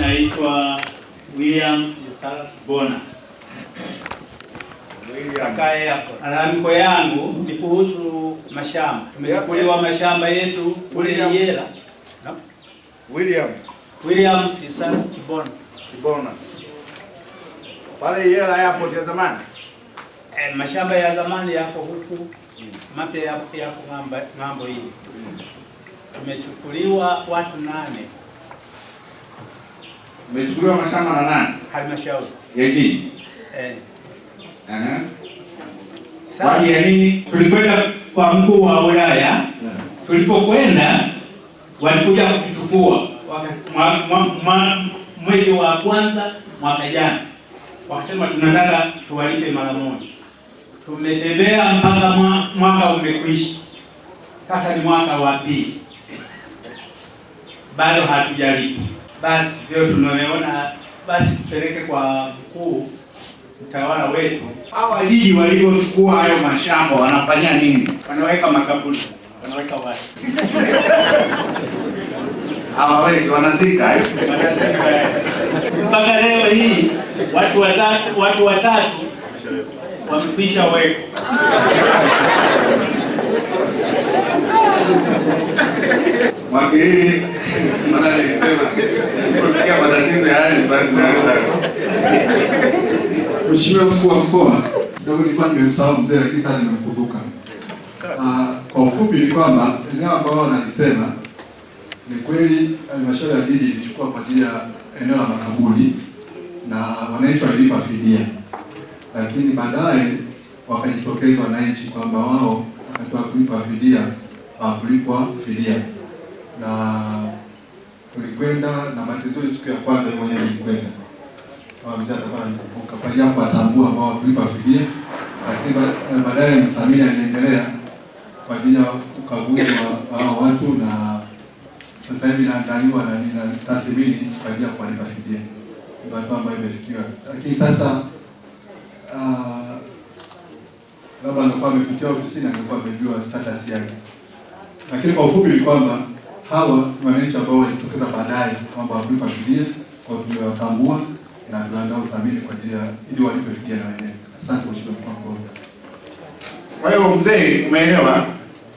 naitwa William Bona. Lalamiko yangu ni kuhusu mashamba. Tumechukuliwa mashamba yetu kule Yela. William William Sisa Kibona. Kibona. Pale Yela hapo ya zamani. E, mashamba ya zamani yapo huku mapya yapo ng'ambo hii. Mm. Tumechukuliwa watu nane Mmechukuliwa mashamba na nani? Halmashauri ya jiji eh. Aha, ya nini? Tulikwenda kwa mkuu wa wilaya, eh. tulipokwenda walikuja kutuchukua mwezi wa kwanza mwaka jana, wakasema tunataka tuwalipe mara moja. Tumetembea mpaka mwaka umekwisha, sasa ni mwaka wa pili, bado hatujalipa basi leo tunaona basi tupeleke kwa mkuu mtawala wetu. Hawa wajiji walivyochukua hayo mashamba wanafanya nini? Wanaweka makaburi, wanaweka Hawa hawaweki, wanazika eh? Eh. mpaka leo hii watu watatu, watu watatu wamekwisha wekwa makini maana nilisema sikia matatizo haya basi naanza. Mheshimiwa mkuu wa mkoa, ndio nilikuwa nimemsahau mzee, lakini sasa nimemkumbuka. Ah, kwa ufupi ni kwamba eneo ambao wanalisema ni kweli, halmashauri ya jiji ilichukua kwa ajili ya eneo la makaburi na wananchi walilipa fidia, lakini baadaye wakajitokeza wananchi kwamba wao wakati kulipa fidia hawakulipwa fidia na tulikwenda na bahati nzuri, siku ya kwanza mwenye nilikwenda mzee atakuwa anakumbuka pale hapo, atambua ambao tulipa fidia, lakini eh, baadaye mthamini aliendelea kwa ajili ya ukaguzi wa hao watu, na sasa hivi inaandaliwa na nina tathmini kwa ajili ya kuwalipa fidia, ndio hatua ambayo imefikiwa. Lakini sasa ah, labda angekuwa amepitia ofisini angekuwa amejua status yake, lakini kwa ufupi ni kwamba hawa wananchi ambao walijitokeza baadaye kwamba wakulipa fidia kwao, tumewatambua na tunaandaa uthamini kwa ajili ya ili walipe fidia na wenyewe. Asante mheshimiwa mkuu wa mkoa. Kwa hiyo mzee, umeelewa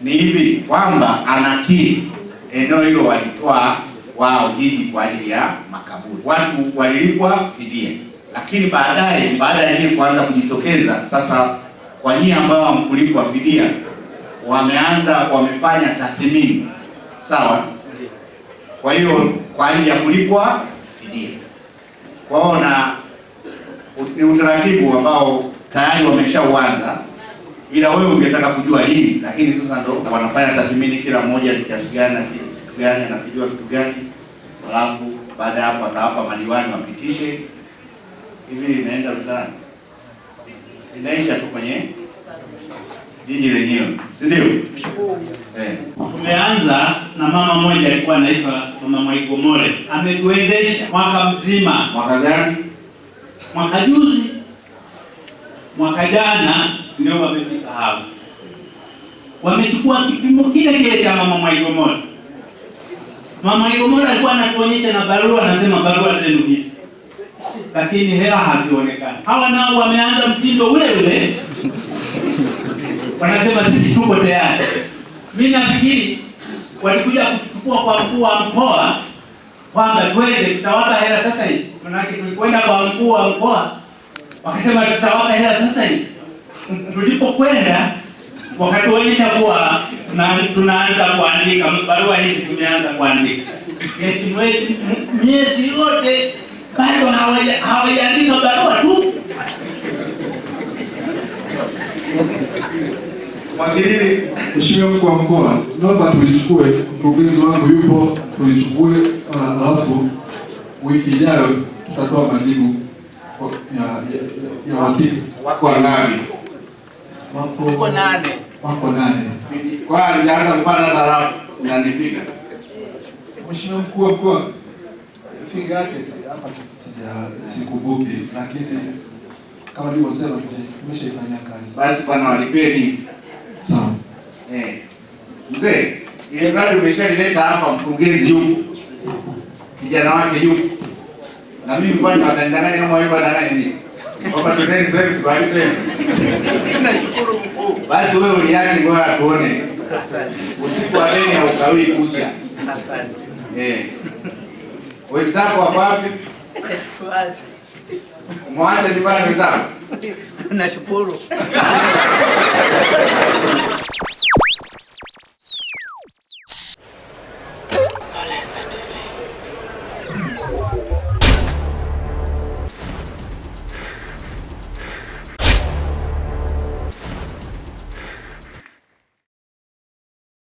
ni hivi kwamba anakiri eneo hilo walitoa wao jiji kwa ajili ya makaburi, watu walilipwa fidia, lakini baadaye baada ya hili kuanza kujitokeza sasa, kwa nyie ambao hamkulipwa fidia, wameanza wamefanya tathmini sawa. Kwa hiyo kwa ajili ya kulipwa fidia. Kwa hiyo na ni utaratibu ambao tayari wameshauanza, ila wewe ungetaka kujua hili, lakini sasa ndo wanafanya tathmini, kila mmoja ni kiasi gani na kitu gani anafidiwa kitu gani, halafu baada ya hapo atawapa madiwani wapitishe. Hivi linaenda wizarani, linaisha tu kwenye jiji lenyewe, si ndio? Eh, tumeanza na mama mmoja alikuwa anaitwa Mama Mwaigomore, ametuendesha mwaka mzima. Mwaka gani? Mwaka juzi, mwaka jana ndio wamefika hapo. wamechukua kipimo kile kile cha Mama Mwaigomore. Mama Mwaigomore alikuwa anatuonyesha na barua, anasema barua zenu hizi, lakini hela hazionekani. Hawa nao wameanza mtindo ule ule wanasema sisi tuko tayari. Mimi nafikiri walikuja kuchukua kwa mkuu wa mkoa kwamba twende tutawapa hela sasa hivi, manake tulikwenda kwa mkuu wa mkoa wakasema tutawapa hela sasa hivi. Tulipokwenda wakatuonyesha kuwa tunaanza kuandika barua hizi, tumeanza kuandika miezi yote bado hawajaandika barua tu Mwakilini, Mheshimiwa mkuu wa mkoa, naomba tulichukue, mkurugenzi wangu yupo, tulichukue ah, alafu wiki ijayo tutatoa majibu ya, ya, ya watika wako wako nane wako nane kwa alianza kupanda tarafu unanipiga Mheshimiwa mkuu wa mkoa, figa yake hapa sikubuki, lakini kama nilivyosema, tumeshaifanyia kazi. Basi bwana, walipeni sawa. Eh, mzee, ile mradi umeshalileta hapa, mkurugenzi yupo, kijana wake yupo, na mimi kwanza watandanganya kama walivyowadanganya nini kwamba tuneni sasa hivi tubali pesa. Nashukuru mkuu. Basi wewe uliache ngoja tuone. Usiku wa leni haukawii kucha. Asante. Eh. Wenzako wapi? Basi. Mwacha nyumbani wenzangu. Nashukuru.